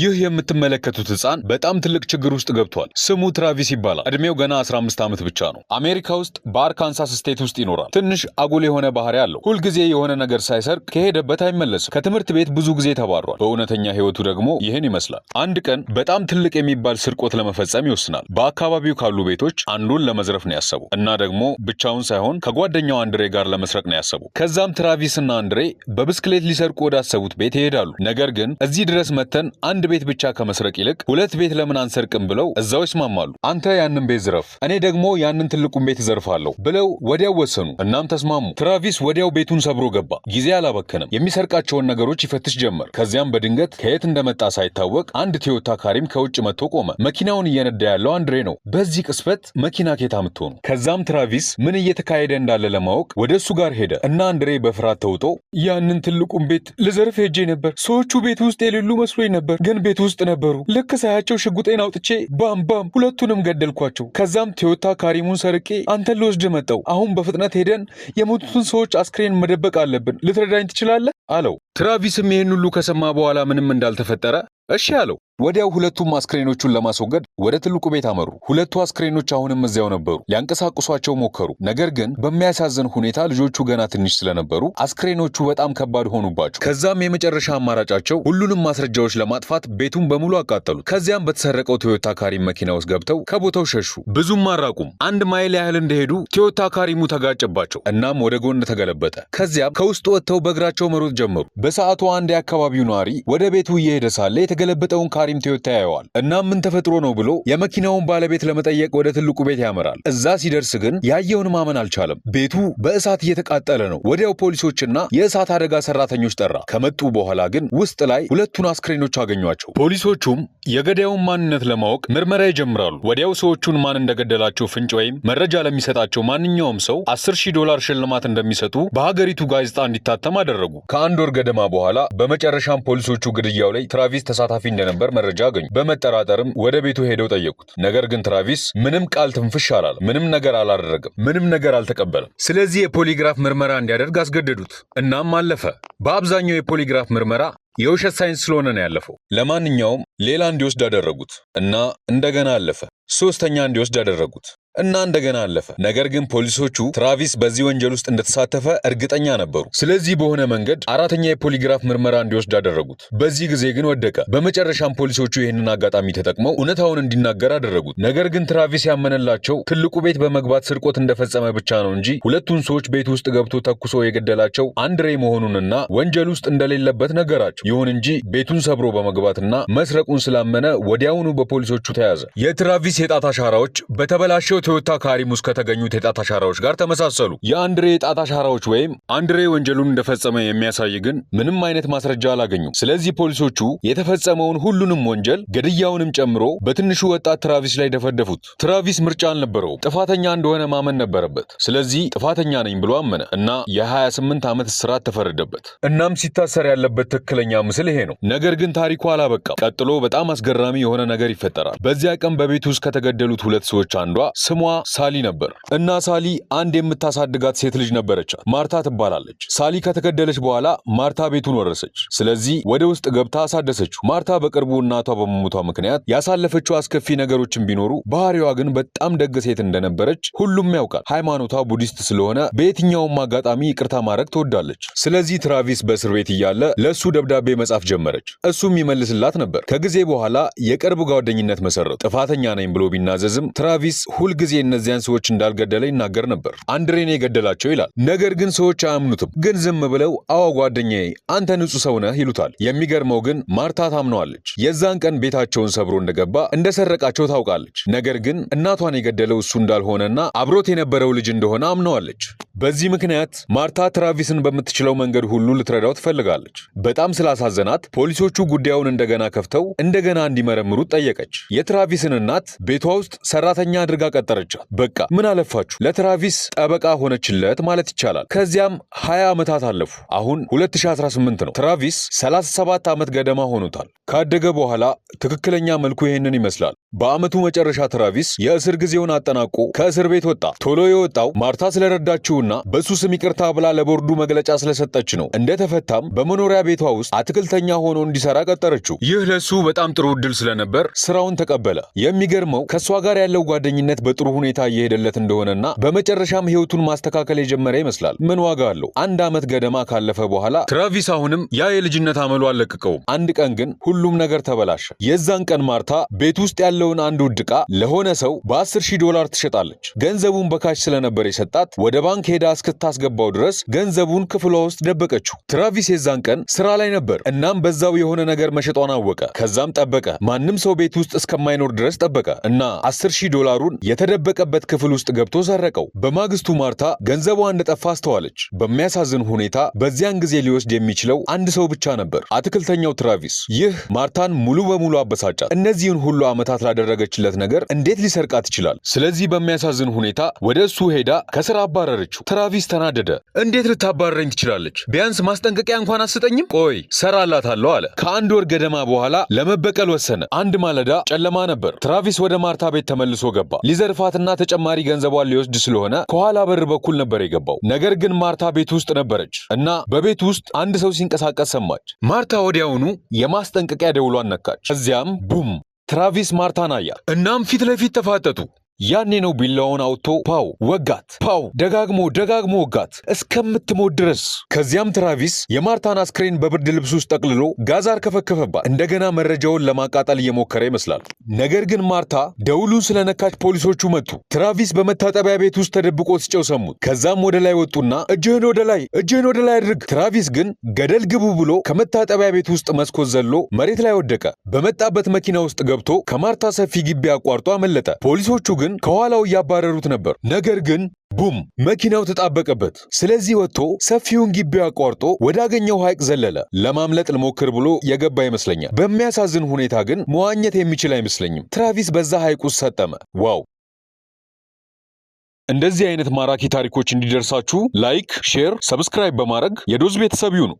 ይህ የምትመለከቱት ህፃን በጣም ትልቅ ችግር ውስጥ ገብቷል። ስሙ ትራቪስ ይባላል። እድሜው ገና 15 ዓመት ብቻ ነው። አሜሪካ ውስጥ በአርካንሳስ ስቴት ውስጥ ይኖራል። ትንሽ አጉል የሆነ ባህሪ አለው። ሁልጊዜ የሆነ ነገር ሳይሰርቅ ከሄደበት አይመለስም። ከትምህርት ቤት ብዙ ጊዜ ተባሯል። በእውነተኛ ህይወቱ ደግሞ ይህን ይመስላል። አንድ ቀን በጣም ትልቅ የሚባል ስርቆት ለመፈጸም ይወስናል። በአካባቢው ካሉ ቤቶች አንዱን ለመዝረፍ ነው ያሰቡ እና ደግሞ ብቻውን ሳይሆን ከጓደኛው አንድሬ ጋር ለመስረቅ ነው ያሰቡ። ከዛም ትራቪስ እና አንድሬ በብስክሌት ሊሰርቁ ወዳሰቡት ቤት ይሄዳሉ። ነገር ግን እዚህ ድረስ መተን አንድ ቤት ብቻ ከመስረቅ ይልቅ ሁለት ቤት ለምን አንሰርቅም ብለው እዛው ይስማማሉ። አንተ ያንን ቤት ዝረፍ፣ እኔ ደግሞ ያንን ትልቁን ቤት እዘርፋለሁ ብለው ወዲያው ወሰኑ። እናም ተስማሙ። ትራቪስ ወዲያው ቤቱን ሰብሮ ገባ። ጊዜ አላበከንም። የሚሰርቃቸውን ነገሮች ይፈትሽ ጀመር። ከዚያም በድንገት ከየት እንደመጣ ሳይታወቅ አንድ ቶዮታ ካሪም ከውጭ መጥቶ ቆመ። መኪናውን እየነዳ ያለው አንድሬ ነው። በዚህ ቅስፈት መኪና ኬታ ምትሆኑ? ከዛም ትራቪስ ምን እየተካሄደ እንዳለ ለማወቅ ወደ እሱ ጋር ሄደ እና አንድሬ በፍርሃት ተውጦ ያንን ትልቁን ቤት ልዘርፍ ሄጄ ነበር። ሰዎቹ ቤት ውስጥ የሌሉ መስሎኝ ነበር ግን ቤት ውስጥ ነበሩ። ልክ ሳያቸው ሽጉጤን አውጥቼ ባም ባም ሁለቱንም ገደልኳቸው። ከዛም ቶዮታ ካሪሙን ሰርቄ አንተን ልወስድ መጣው። አሁን በፍጥነት ሄደን የሞቱትን ሰዎች አስክሬን መደበቅ አለብን። ልትረዳኝ ትችላለህ? አለው። ትራቪስም ይህን ሁሉ ከሰማ በኋላ ምንም እንዳልተፈጠረ እሺ አለው። ወዲያው ሁለቱም አስክሬኖቹን ለማስወገድ ወደ ትልቁ ቤት አመሩ። ሁለቱ አስክሬኖች አሁንም እዚያው ነበሩ። ሊያንቀሳቅሷቸው ሞከሩ። ነገር ግን በሚያሳዝን ሁኔታ ልጆቹ ገና ትንሽ ስለነበሩ አስክሬኖቹ በጣም ከባድ ሆኑባቸው። ከዛም የመጨረሻ አማራጫቸው ሁሉንም ማስረጃዎች ለማጥፋት ቤቱን በሙሉ አቃጠሉት። ከዚያም በተሰረቀው ቶዮታ ካሪም መኪና ውስጥ ገብተው ከቦታው ሸሹ። ብዙም አራቁም። አንድ ማይል ያህል እንደሄዱ ቶዮታ ካሪሙ ተጋጨባቸው። እናም ወደ ጎን ተገለበጠ። ከዚያም ከውስጥ ወጥተው በእግራቸው መሮጥ ጀመሩ። በሰዓቱ አንድ የአካባቢው ነዋሪ ወደ ቤቱ እየሄደ ሳለ የተገለበጠውን ካሪ አግኝቶ ይተያየዋል። እና ምን ተፈጥሮ ነው ብሎ የመኪናውን ባለቤት ለመጠየቅ ወደ ትልቁ ቤት ያመራል። እዛ ሲደርስ ግን ያየውን ማመን አልቻለም። ቤቱ በእሳት እየተቃጠለ ነው። ወዲያው ፖሊሶችና የእሳት አደጋ ሰራተኞች ጠራ። ከመጡ በኋላ ግን ውስጥ ላይ ሁለቱን አስክሬኖች አገኟቸው። ፖሊሶቹም የገዳዩን ማንነት ለማወቅ ምርመራ ይጀምራሉ። ወዲያው ሰዎቹን ማን እንደገደላቸው ፍንጭ ወይም መረጃ ለሚሰጣቸው ማንኛውም ሰው 10 ሺህ ዶላር ሽልማት እንደሚሰጡ በሀገሪቱ ጋዜጣ እንዲታተም አደረጉ። ከአንድ ወር ገደማ በኋላ በመጨረሻም ፖሊሶቹ ግድያው ላይ ትራቪስ ተሳታፊ እንደነበር መረጃ አገኙ። በመጠራጠርም ወደ ቤቱ ሄደው ጠየቁት። ነገር ግን ትራቪስ ምንም ቃል ትንፍሽ አላለም። ምንም ነገር አላደረገም። ምንም ነገር አልተቀበለም። ስለዚህ የፖሊግራፍ ምርመራ እንዲያደርግ አስገደዱት። እናም አለፈ። በአብዛኛው የፖሊግራፍ ምርመራ የውሸት ሳይንስ ስለሆነ ነው ያለፈው። ለማንኛውም ሌላ እንዲወስድ አደረጉት እና እንደገና አለፈ። ሶስተኛ እንዲወስድ አደረጉት እና እንደገና አለፈ። ነገር ግን ፖሊሶቹ ትራቪስ በዚህ ወንጀል ውስጥ እንደተሳተፈ እርግጠኛ ነበሩ። ስለዚህ በሆነ መንገድ አራተኛ የፖሊግራፍ ምርመራ እንዲወስድ አደረጉት። በዚህ ጊዜ ግን ወደቀ። በመጨረሻም ፖሊሶቹ ይህንን አጋጣሚ ተጠቅመው እውነታውን እንዲናገር አደረጉት። ነገር ግን ትራቪስ ያመነላቸው ትልቁ ቤት በመግባት ስርቆት እንደፈጸመ ብቻ ነው እንጂ ሁለቱን ሰዎች ቤት ውስጥ ገብቶ ተኩሶ የገደላቸው አንድሬ መሆኑንና ወንጀል ውስጥ እንደሌለበት ነገራቸው። ይሁን እንጂ ቤቱን ሰብሮ በመግባትና መስረቁን ስላመነ ወዲያውኑ በፖሊሶቹ ተያዘ። የትራቪስ የጣት አሻራዎች በተበላሸው ቶዮታ ካሪም ውስጥ ከተገኙት የጣት አሻራዎች ጋር ተመሳሰሉ። የአንድሬ የጣት አሻራዎች ወይም አንድሬ ወንጀሉን እንደፈጸመ የሚያሳይ ግን ምንም አይነት ማስረጃ አላገኙም። ስለዚህ ፖሊሶቹ የተፈጸመውን ሁሉንም ወንጀል ግድያውንም ጨምሮ በትንሹ ወጣት ትራቪስ ላይ ደፈደፉት። ትራቪስ ምርጫ አልነበረውም። ጥፋተኛ እንደሆነ ማመን ነበረበት። ስለዚህ ጥፋተኛ ነኝ ብሎ አመነ እና የ28 ዓመት እስራት ተፈረደበት። እናም ሲታሰር ያለበት ትክክለኛ ምስል ይሄ ነው። ነገር ግን ታሪኩ አላበቃም። ቀጥሎ በጣም አስገራሚ የሆነ ነገር ይፈጠራል። በዚያ ቀን በቤት ውስጥ ከተገደሉት ሁለት ሰዎች አንዷ ስሟ ሳሊ ነበር እና ሳሊ አንድ የምታሳድጋት ሴት ልጅ ነበረቻት፣ ማርታ ትባላለች። ሳሊ ከተገደለች በኋላ ማርታ ቤቱን ወረሰች። ስለዚህ ወደ ውስጥ ገብታ አሳደሰችው። ማርታ በቅርቡ እናቷ በመሞቷ ምክንያት ያሳለፈችው አስከፊ ነገሮችን ቢኖሩ ባህሪዋ ግን በጣም ደግ ሴት እንደነበረች ሁሉም ያውቃል። ሃይማኖቷ ቡዲስት ስለሆነ በየትኛውም አጋጣሚ ይቅርታ ማድረግ ትወዳለች። ስለዚህ ትራቪስ በእስር ቤት እያለ ለእሱ ደብዳቤ መጻፍ ጀመረች። እሱም ይመልስላት ነበር። ከጊዜ በኋላ የቅርብ ጓደኝነት መሰረቱ። ጥፋተኛ ነኝ ብሎ ቢናዘዝም ትራቪስ ሁልጊዜ ጊዜ እነዚያን ሰዎች እንዳልገደለ ይናገር ነበር። አንድሬን የገደላቸው ይላል። ነገር ግን ሰዎች አያምኑትም። ግን ዝም ብለው አዋ ጓደኛዬ አንተ ንጹህ ሰው ነህ ይሉታል። የሚገርመው ግን ማርታ ታምነዋለች። የዛን ቀን ቤታቸውን ሰብሮ እንደገባ እንደሰረቃቸው ታውቃለች። ነገር ግን እናቷን የገደለው እሱ እንዳልሆነና አብሮት የነበረው ልጅ እንደሆነ አምነዋለች። በዚህ ምክንያት ማርታ ትራቪስን በምትችለው መንገድ ሁሉ ልትረዳው ትፈልጋለች። በጣም ስላሳዘናት ፖሊሶቹ ጉዳዩን እንደገና ከፍተው እንደገና እንዲመረምሩት ጠየቀች። የትራቪስን እናት ቤቷ ውስጥ ሰራተኛ አድርጋ ቀጠ ጠረጠረቻት። በቃ ምን አለፋችሁ ለትራቪስ ጠበቃ ሆነችለት ማለት ይቻላል። ከዚያም 20 ዓመታት አለፉ። አሁን 2018 ነው። ትራቪስ 37 ዓመት ገደማ ሆኖታል። ካደገ በኋላ ትክክለኛ መልኩ ይህንን ይመስላል። በዓመቱ መጨረሻ ትራቪስ የእስር ጊዜውን አጠናቆ ከእስር ቤት ወጣ። ቶሎ የወጣው ማርታ ስለረዳችውና በሱ ስም ይቅርታ ብላ ለቦርዱ መግለጫ ስለሰጠች ነው። እንደተፈታም በመኖሪያ ቤቷ ውስጥ አትክልተኛ ሆኖ እንዲሰራ ቀጠረችው። ይህ ለሱ በጣም ጥሩ እድል ስለነበር ስራውን ተቀበለ። የሚገርመው ከእሷ ጋር ያለው ጓደኝነት በጥሩ በጥሩ ሁኔታ እየሄደለት እንደሆነና በመጨረሻም ህይወቱን ማስተካከል የጀመረ ይመስላል። ምን ዋጋ አለው? አንድ ዓመት ገደማ ካለፈ በኋላ ትራቪስ አሁንም ያ የልጅነት አመሉ አለቅቀውም። አንድ ቀን ግን ሁሉም ነገር ተበላሸ። የዛን ቀን ማርታ ቤት ውስጥ ያለውን አንድ ውድ ዕቃ ለሆነ ሰው በ10 ሺህ ዶላር ትሸጣለች። ገንዘቡን በካሽ ስለነበር የሰጣት ወደ ባንክ ሄዳ እስክታስገባው ድረስ ገንዘቡን ክፍሏ ውስጥ ደበቀችው። ትራቪስ የዛን ቀን ስራ ላይ ነበር። እናም በዛው የሆነ ነገር መሸጧን አወቀ። ከዛም ጠበቀ። ማንም ሰው ቤት ውስጥ እስከማይኖር ድረስ ጠበቀ እና 10 ሺህ ዶላሩን የተደ ወደደበቀበት ክፍል ውስጥ ገብቶ ሰረቀው። በማግስቱ ማርታ ገንዘቧ እንደጠፋ አስተዋለች። በሚያሳዝን ሁኔታ በዚያን ጊዜ ሊወስድ የሚችለው አንድ ሰው ብቻ ነበር፣ አትክልተኛው ትራቪስ። ይህ ማርታን ሙሉ በሙሉ አበሳጫት። እነዚህን ሁሉ ዓመታት ላደረገችለት ነገር እንዴት ሊሰርቃት ይችላል? ስለዚህ በሚያሳዝን ሁኔታ ወደ እሱ ሄዳ ከስራ አባረረችው። ትራቪስ ተናደደ። እንዴት ልታባረረኝ ትችላለች? ቢያንስ ማስጠንቀቂያ እንኳን አስጠኝም። ቆይ ሰራላታለሁ አለ። ከአንድ ወር ገደማ በኋላ ለመበቀል ወሰነ። አንድ ማለዳ ጨለማ ነበር። ትራቪስ ወደ ማርታ ቤት ተመልሶ ገባ። ሊዘር ልፋትና ተጨማሪ ገንዘቧን ሊወስድ ስለሆነ ከኋላ በር በኩል ነበር የገባው። ነገር ግን ማርታ ቤት ውስጥ ነበረች እና በቤት ውስጥ አንድ ሰው ሲንቀሳቀስ ሰማች። ማርታ ወዲያውኑ የማስጠንቀቂያ ደውሏን ነካች። እዚያም ቡም ትራቪስ ማርታን አያ። እናም ፊት ለፊት ተፋጠጡ። ያኔ ነው ቢላውን አውጥቶ ፓው ወጋት። ፓው ደጋግሞ ደጋግሞ ወጋት እስከምትሞት ድረስ። ከዚያም ትራቪስ የማርታን አስክሬን በብርድ ልብስ ውስጥ ጠቅልሎ ጋዝ አርከፈከፈባት። እንደገና መረጃውን ለማቃጠል እየሞከረ ይመስላል። ነገር ግን ማርታ ደውሉን ስለነካች ፖሊሶቹ መጡ። ትራቪስ በመታጠቢያ ቤት ውስጥ ተደብቆ ሲጨው ሰሙት። ከዛም ወደ ላይ ወጡና እጅህን ወደ ላይ እጅህን ወደ ላይ አድርግ። ትራቪስ ግን ገደል ግቡ ብሎ ከመታጠቢያ ቤት ውስጥ መስኮት ዘሎ መሬት ላይ ወደቀ። በመጣበት መኪና ውስጥ ገብቶ ከማርታ ሰፊ ግቢ አቋርጦ አመለጠ። ፖሊሶቹ ግን ከኋላው እያባረሩት ነበር። ነገር ግን ቡም! መኪናው ተጣበቀበት። ስለዚህ ወጥቶ ሰፊውን ግቢ አቋርጦ ወዳገኘው ሐይቅ ዘለለ። ለማምለጥ ልሞክር ብሎ የገባ ይመስለኛል። በሚያሳዝን ሁኔታ ግን መዋኘት የሚችል አይመስለኝም። ትራቪስ በዛ ሐይቅ ውስጥ ሰጠመ። ዋው! እንደዚህ አይነት ማራኪ ታሪኮች እንዲደርሳችሁ ላይክ፣ ሼር፣ ሰብስክራይብ በማድረግ የዶዝ ቤተሰብ ይሁኑ።